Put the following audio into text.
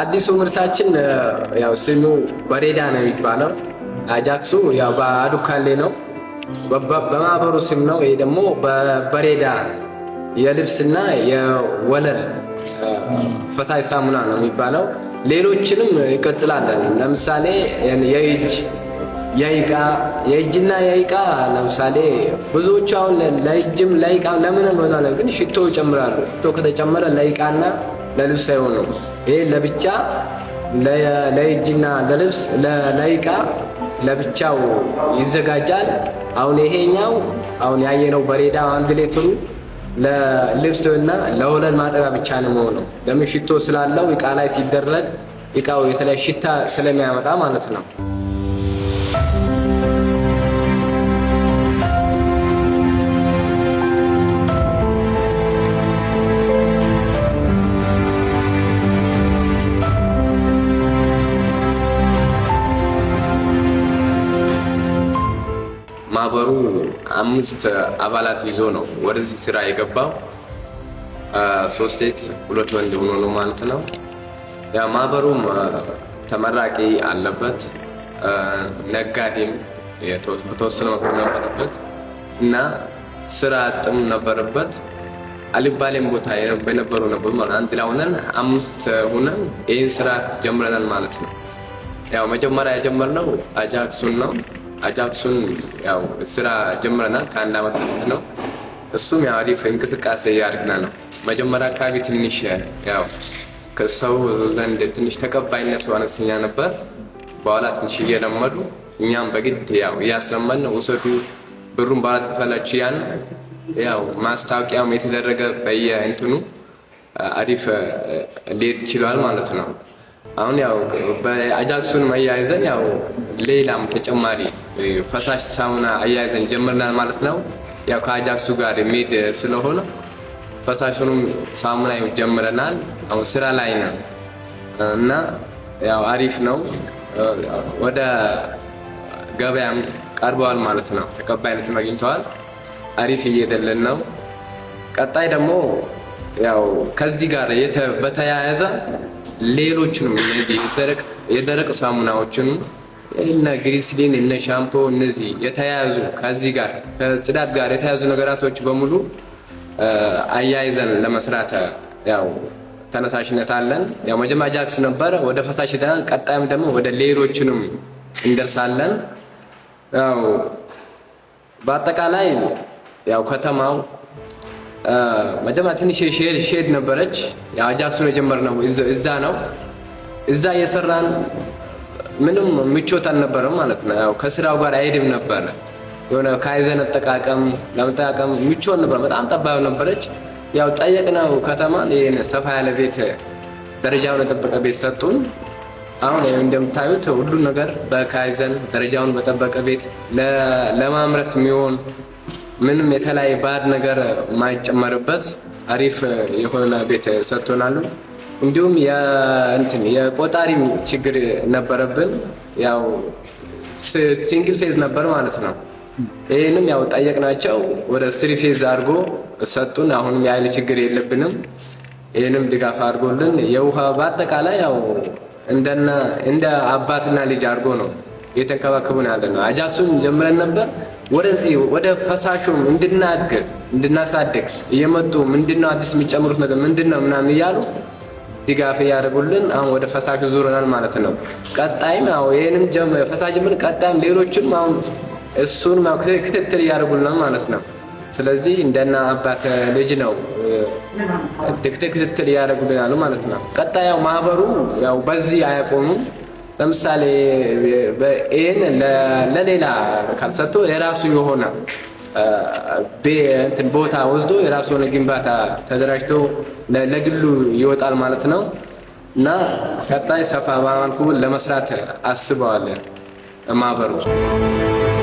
አዲሱ ምርታችን ያው ስሙ በሬዳ ነው የሚባለው። አጃክሱ ያው በአዱካሌ ነው በማህበሩ ስም ነው። ይሄ ደግሞ በበሬዳ የልብስና የወለል ፈሳሽ ሳሙና ነው የሚባለው። ሌሎችንም ይቀጥላለን። ለምሳሌ የእጅ የይቃ የእጅና የይቃ ለምሳሌ ብዙዎቹ አሁን ለእጅም ለይቃ ለምን ሆናለ ግን ሽቶ ይጨምራሉ። ሽቶ ከተጨመረ ለይቃና ለልብስ አይሆኑም። ይህ ለብቻ ለእጅና ለልብስ ለእቃ ለብቻው ይዘጋጃል። አሁን ይሄኛው አሁን ያየነው በሬዳ አንድ ሌትሩ ለልብስ እና ለወለል ማጠቢያ ብቻ ነው የሚሆነው። ለምን ሽቶ ስላለው እቃ ላይ ሲደረግ እቃው የተለያየ ሽታ ስለሚያመጣ ማለት ነው። ማህበሩ አምስት አባላት ይዞ ነው ወደዚህ ስራ የገባው። ሶስት ሴት ሁለት ወንድ ሆኖ ነው ማለት ነው። ያ ማህበሩም ተመራቂ አለበት፣ ነጋዴም በተወሰነ መክር ነበረበት እና ስራ አጥም ነበረበት። አልባሌም ቦታ በነበሩ ነበር ማለት አንድ ላይ ሆነን አምስት ሆነን ይህን ስራ ጀምረናል ማለት ነው። ያው መጀመሪያ የጀመርነው አጃክሱን ነው። አጃምሱን ያው ስራ ጀምረናል። ከአንድ አመት በፊት ነው። እሱም ያው አሪፍ እንቅስቃሴ እያደረግን ነው። መጀመሪያ አካባቢ ትንሽ ያው ከሰው ዘንድ ትንሽ ተቀባይነቱ አነስተኛ ነበር። በኋላ ትንሽ እየለመዱ እኛም በግድ ያው እያስለመድ ውሰዱ ብሩን በኋላ ትከፈላችሁ። ያን ያው ማስታወቂያም የተደረገ በየእንትኑ አሪፍ ሌት ችሏል ማለት ነው። አሁን ያው በአጃክሱን መያይዘን ያው ሌላም ተጨማሪ ፈሳሽ ሳሙና አያይዘን ጀምርናል ማለት ነው። ያው ከአጃክሱ ጋር የሚሄድ ስለሆነ ፈሳሹንም ሳሙና ጀምረናል። አሁን ስራ ላይ ነው እና ያው አሪፍ ነው። ወደ ገበያም ቀርበዋል ማለት ነው። ተቀባይነትም አግኝተዋል። አሪፍ እየሄደልን ነው። ቀጣይ ደግሞ ያው ከዚህ ጋር በተያያዘ ሌሎችንም የደረቅ ሳሙናዎችንም እነ ግሪስሊን እነ ሻምፖ እነዚህ የተያያዙ ከዚህ ጋር ከጽዳት ጋር የተያያዙ ነገራቶች በሙሉ አያይዘን ለመስራት ያው ተነሳሽነት አለን። ያው መጀመሪያ ጃክስ ነበረ፣ ወደ ፈሳሽ ሄደናል። ቀጣይም ደግሞ ወደ ሌሎችንም እንደርሳለን። ያው በአጠቃላይ ያው ከተማው መጀመሪያ ትንሽ ሼድ ነበረች። ያው ጃክሱን የጀመርነው እዛ ነው። እዛ እየሰራን ምንም ምቾት አልነበረም ማለት ነው። ያው ከስራው ጋር አይሄድም ነበረ። የሆነ ካይዘን አጠቃቀም ለመጠቃቀም ምቾት ነበረ። በጣም ጠባብ ነበረች። ያው ጠየቅነው ከተማ ይህን ሰፋ ያለ ቤት ደረጃውን የጠበቀ ቤት ሰጡን። አሁን እንደምታዩት ሁሉ ነገር በካይዘን ደረጃውን በጠበቀ ቤት ለማምረት የሚሆን ምንም የተለያየ ባድ ነገር ማይጨመርበት አሪፍ የሆነ ቤት ሰጥቶናሉ። እንዲሁም እንትን የቆጣሪም ችግር ነበረብን። ያው ሲንግል ፌዝ ነበር ማለት ነው። ይህንም ያው ጠየቅናቸው ወደ ስሪ ፌዝ አድርጎ ሰጡን። አሁንም የኃይል ችግር የለብንም። ይህንም ድጋፍ አድርጎልን የውሃ በአጠቃላይ ያው እንደነ እንደ አባትና ልጅ አድርጎ ነው እየተንከባከቡን ያለ ነው። አጃክሱን ጀምረን ነበር። ወደዚህ ወደ ፈሳሹም እንድናድግ እንድናሳድግ እየመጡ ምንድነው አዲስ የሚጨምሩት ነገር ምንድነው ምናምን እያሉ ድጋፍ እያደረጉልን አሁን ወደ ፈሳሽ ዙረናል ማለት ነው። ቀጣይም ያው ይህንም ፈሳሽ ምን ቀጣይም ሌሎችም አሁን እሱን ክትትል እያደረጉልን ማለት ነው። ስለዚህ እንደና አባት ልጅ ነው ትክት ክትትል እያደረጉልናሉ ማለት ነው። ቀጣይ ያው ማህበሩ ያው በዚህ አያቆሙም። ለምሳሌ ይህን ለሌላ ካልሰጥቶ የራሱ የሆነ ቦታ ወስዶ የራሱ የሆነ ግንባታ ተደራጅቶ ለግሉ ይወጣል ማለት ነው እና ቀጣይ ሰፋ ባማልኩ ለመስራት አስበዋል ማህበሩ።